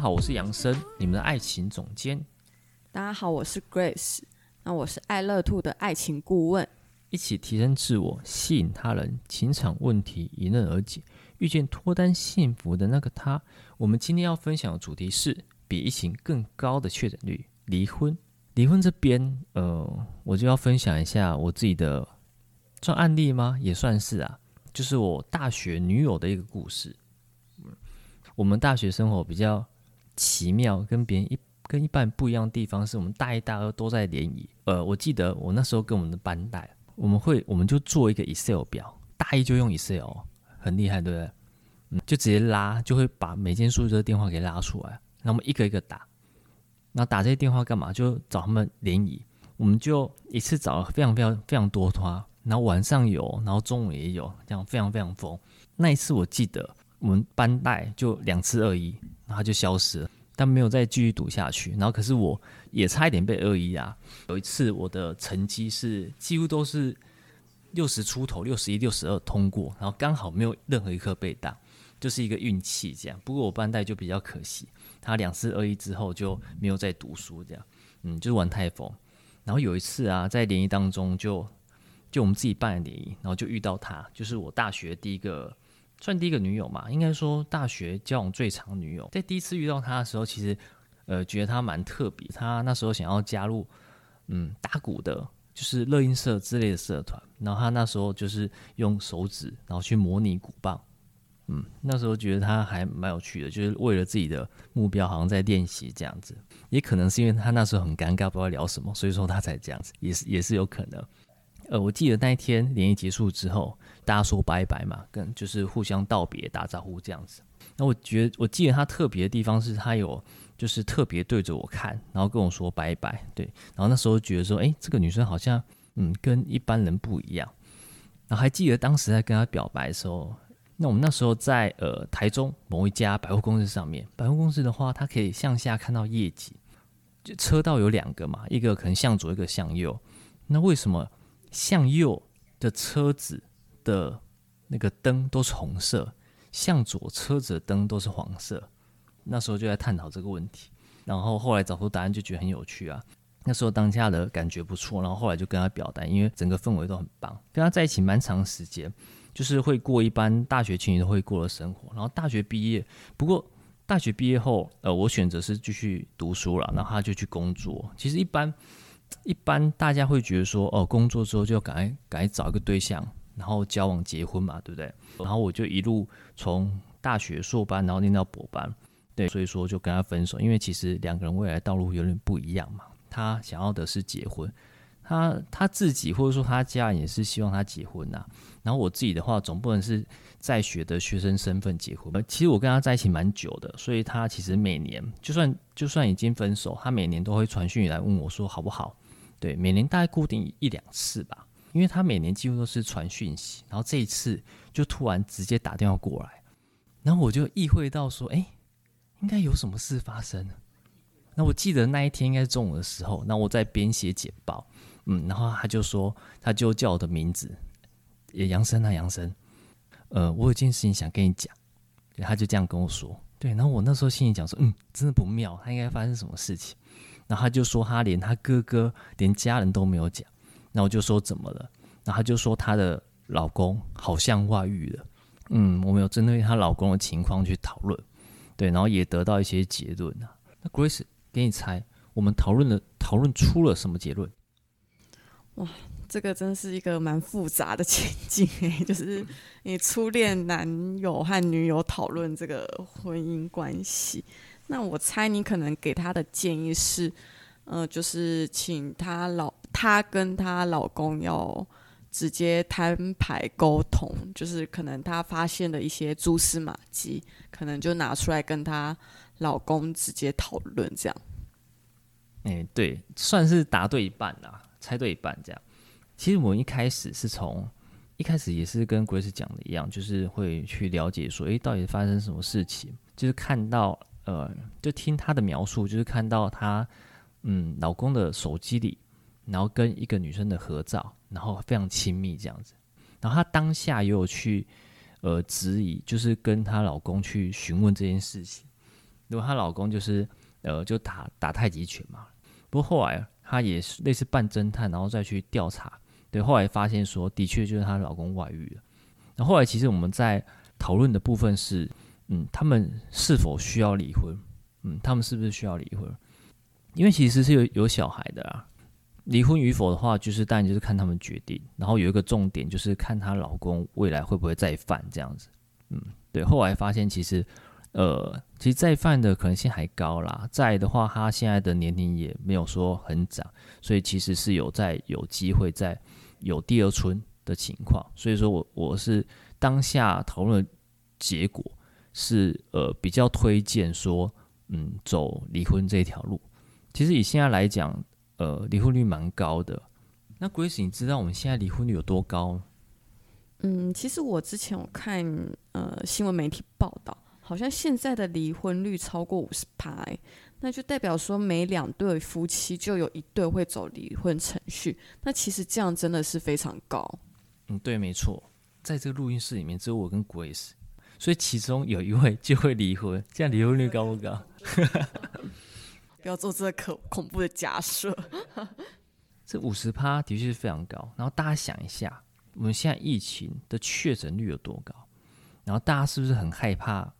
好，我是楊生，你們的愛情總監。大家好，我是 Grace，那我是愛樂 Two 的愛情顧問。一起提升自我，吸引他人，情場問題迎刃而解，遇見脫單幸福的那個他。我們今天要分享的主題是比疫情更高的確診率——離婚。離婚這邊，呃，我就要分享一下我自己的這案例嗎？也算是啊，就是我大學女友的一個故事。我們大學生活比較。奇妙跟別人一跟一般不一樣的地方是我們大一大二都在聯誼。呃，我記得我那時候跟我們的班代，我們會我們就做一個 Excel 表，大一就用 Excel，很厲害，對不對？嗯，就直接拉，就會把每間宿舍的電話給拉出來，然後我們一個一個打。那打這些電話幹嘛？就找他們聯誼。我們就一次找了非常非常非常多他，然後晚上有，然後中午也有，這樣非常非常瘋。那一次我記得，我們班代就兩次二一，然後就消失了，但沒有再繼續讀下去。然後可是我也差一點被二一啊！有一次我的成績是幾乎都是六十出頭，六十一、六十二通過，然後剛好沒有任何一科被擋。就是一個運氣這樣。不過我班代就比較可惜，他兩次二一之後就沒有再讀書這樣，嗯，就是玩太瘋。然後有一次啊，在聯誼當中就就我們自己辦的聯誼，然後就遇到他，就是我大學第一個。算第一個女友嘛，應該說大學交往最長的女友。在第一次遇到她的時候，其實，呃，覺得她蠻特別。她那時候想要加入，嗯，打鼓的，就是熱音社之類的社團。然後她那時候就是用手指，然後去模擬鼓棒。嗯，那時候覺得她還蠻有趣的，就是為了自己的目標，好像在練習這樣子。也可能是因為她那時候很尷尬，不知道聊什麼，所以說她才這樣子，也是也是有可能。呃，我記得那一天聯誼結束之後，大家說拜拜嘛，跟就是互相道別、打招呼這樣子。那我覺得，我記得她特別的地方是，她有就是特別對着我看，然後跟我說拜拜，對。然後那時候覺得說，誒、欸，這個女生好像嗯跟一般人不一樣。然後還記得當時在跟她表白的時候，那我們那時候在呃台中某一家百貨公司上面，百貨公司的話，它可以向下看到夜景，就車道有兩個嘛，一個可能向左，一個向右。那為什麼？向右的車子的，那個燈都是紅色；向左車子的燈都是黃色。那時候就在探討這個問題，然後後來找出答案，就覺得很有趣啊。那時候當下的感覺不錯，然後後來就跟他表達，因為整個氛圍都很棒，跟他在一起蠻長時間，就是會過一般大學情侶都會過的生活。然後大學畢業，不過大學畢業後，呃，我選擇是繼續讀書了，然後他就去工作。其實一般。一般大家會覺得說，哦，工作之後就趕快趕快找一個對象，然後交往、結婚嘛，對不對？然後我就一路從大學碩班，然後念到博班，對，所以說就跟他分手，因為其實兩個人未來道路有點不一樣嘛，他想要的是結婚。他他自己或者說他家人也是希望他結婚吶、啊。然後我自己的話，總不能是在學的學生身份結婚。其實我跟他在一起蠻久的，所以他其實每年就算就算已經分手，他每年都會傳訊息來問我，說好不好？對，每年大概固定一兩次吧，因為他每年幾乎都是傳訊息。然後這一次就突然直接打電話過來，然後我就意會到說，哎，應該有什麼事發生、啊。那我記得那一天應該是中午的時候，那我在編寫簡報。嗯，然後他就說，他就叫我的名字，也揚聲啊揚聲，呃，我有件事情想跟你講，就他就這樣跟我說，對，然後我那時候心裡講說，嗯，真的不妙，他應該發生什麼事情，然後他就說他連他哥哥，連家人都沒有講，然後我就說怎麼了，然後他就說他的老公好像外遇了，嗯，我們有針對她老公的情況去討論，對，然後也得到一些結論啊，那 Grace 給你猜，我們討論的討論出了什麼結論？哇，這個真是一個蠻複雜的情境誒！就是你初戀男友和女友討論這個婚姻關係，那我猜你可能給他的建議是，呃，就是請他老他跟他老公要直接攤牌溝通，就是可能他發現了一些蛛絲馬跡，可能就拿出來跟他老公直接討論這樣。哎、欸，對，算是答對一半吶、啊。猜對一半這樣，其實我們一開始是從一開始也是跟 Grace 講的一樣，就是會去了解說誒、欸，到底發生什麼事情？就是看到呃，就聽她的描述，就是看到她嗯老公的手機裡，然後跟一個女生的合照，然後非常親密這樣子。然後她當下也有去呃質疑，就是跟她老公去詢問這件事情。因為她老公就是呃就打打太極拳嘛，不過後來。她也是類似扮偵探，然後再去調查，對，後來發現說的確就是她老公外遇了。那後，後來其實我們在討論的部分是，嗯，他們是否需要離婚？嗯，他們是不是需要離婚？因為其實是有有小孩的啊，離婚與否的話，就是當然就是看他們決定。然後有一個重點就是看她老公未來會不會再犯這樣子。嗯，對，後來發現其實。呃，其實再犯的可能性還高啦。在的話，他現在的年齡也沒有說很長，所以其實是有在有機會在有第二春的情況。所以說我我是當下討論的結果是呃比較推薦說嗯走離婚這條路。其實以現在來講，呃離婚率蠻高的。那 Grace，你知道我們現在離婚率有多高？嗯，其實我之前我看呃新聞媒體報道。好像現在的離婚率超過五十趴欸，那就代表說每兩對夫妻就有一對會走離婚程序。那其實這樣真的是非常高。嗯，對，沒錯，在這個錄音室裡面只有我跟 Grace，所以其中有一位就會離婚，這樣離婚率高不高？ 不要做這個可恐怖的假設。 這五十趴的確是非常高。然後大家想一下，我們現在疫情的確診率有多高？然後大家是不是很害怕？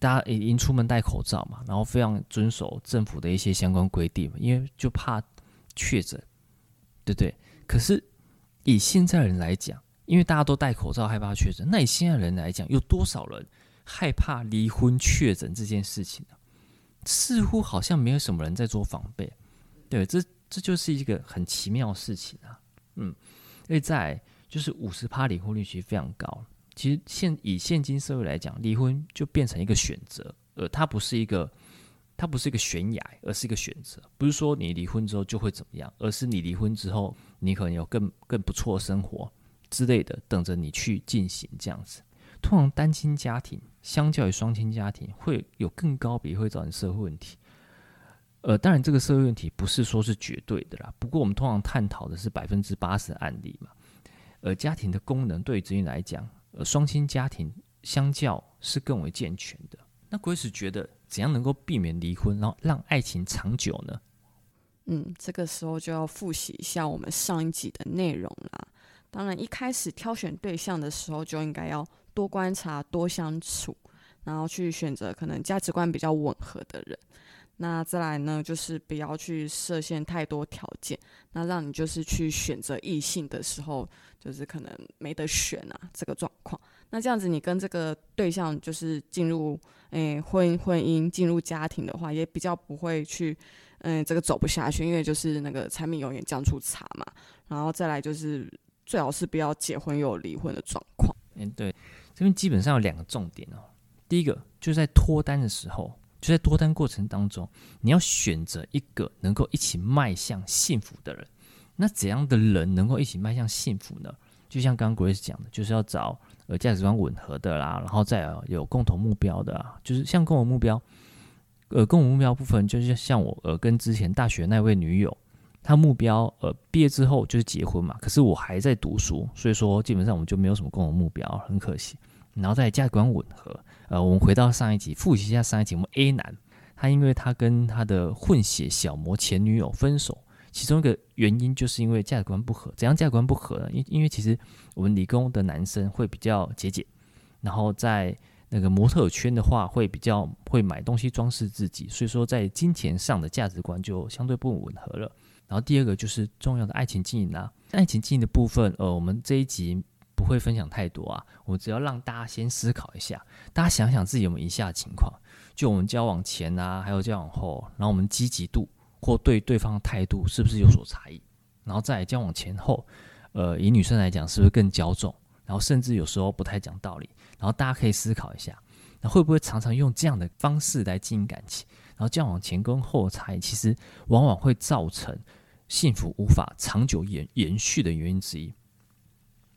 大家已經出門戴口罩嘛，然後非常遵守政府的一些相關規定嘛，因為就怕確診，對不對？可是以現在人來講，因為大家都戴口罩，害怕確診，那以現在人來講，有多少人害怕離婚確診這件事情呢、啊？似乎好像沒有什麼人在做防備，對，這這就是一個很奇妙的事情啊，嗯，所以在就是五十趴離婚率其實非常高。其實現以現今社會來講，離婚就變成一個選擇，呃，它不是一個，它不是一個懸崖，而是一個選擇。不是說你離婚之後就會怎麼樣，而是你離婚之後，你可能有更更不錯的生活之類的等着你去進行這樣子。通常單親家庭相較於雙親家庭會有更高比例會造成社會問題，呃，當然這個社會問題不是說是絕對的啦。不過我們通常探討的是百分之八十的案例嘛，呃，家庭的功能對於子女來講。呃，雙親家庭相較是更為健全的。那 Grace 覺得怎樣能夠避免離婚，然後讓愛情長久呢？嗯，這個時候就要複習一下我們上一集的內容啦。當然，一開始挑選對象的時候就應該要多觀察、多相處，然後去選擇可能價值觀比較吻合的人。那再來呢，就是不要去設限太多條件，那讓你就是去選擇異性的時候，就是可能沒得選啊，這個狀況。那這樣子，你跟這個對象就是進入，誒、欸、婚婚姻進入家庭的話，也比較不會去，嗯、欸，這個走不下去，因為就是那個柴米油鹽醬醋茶嘛。然後再來就是，最好是不要結婚又離婚的狀況。嗯、欸，對，這邊基本上有兩個重點哦、喔。第一個就是在脫單的時候。就在脫單過程當中，你要選擇一個能夠一起邁向幸福的人。那怎樣的人能夠一起邁向幸福呢？就像剛剛 Grace 講的，就是要找呃價值觀吻合的啦，然後再、呃、有共同目標的啦。就是像共同目標，呃，共同目標部分就是像我呃跟之前大學那位女友，她目標呃畢業之後就是結婚嘛，可是我還在讀書，所以說基本上我們就沒有什麼共同目標，很可惜。然後在價值觀吻合，呃，我們回到上一集，複習一下上一集。我們 A 男，他因為他跟他的混血小模前女友分手，其中一個原因就是因為價值觀不合。怎樣價值觀不合呢？因因為其實我們理工的男生會比較節儉，然後在那個模特圈的話會比較會買東西裝飾自己，所以說在金錢上的價值觀就相對不吻合了。然後第二個就是重要的愛情經營啦、啊、愛情經營的部分，呃，我們這一集。不會分享太多啊，我只要讓大家先思考一下，大家想想自己有沒有以下情況：就我們交往前啊，還有交往後，然後我們積極度或對對方的態度是不是有所差異？然後在交往前後，呃，以女生來講，是不是更嬌縱？然後甚至有時候不太講道理？然後大家可以思考一下，那會不會常常用這樣的方式來經營感情？然後交往前跟後的差異，其實往往會造成幸福無法長久延延續的原因之一。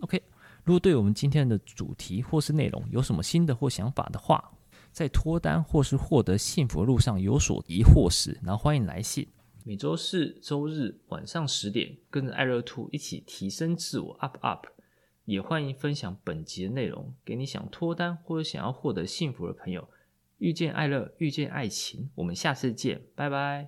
OK。如果對我們今天的主題或是內容有什麼新的或想法的話，在脫單或是獲得幸福的路上有所疑惑時，那歡迎來信。每週四、週日晚上十點，跟着愛樂 Two 一起提升自我，up up。也歡迎分享本集的內容給你想脫單或者想要獲得幸福的朋友。遇見愛樂，遇見愛情。我們下次見，拜拜。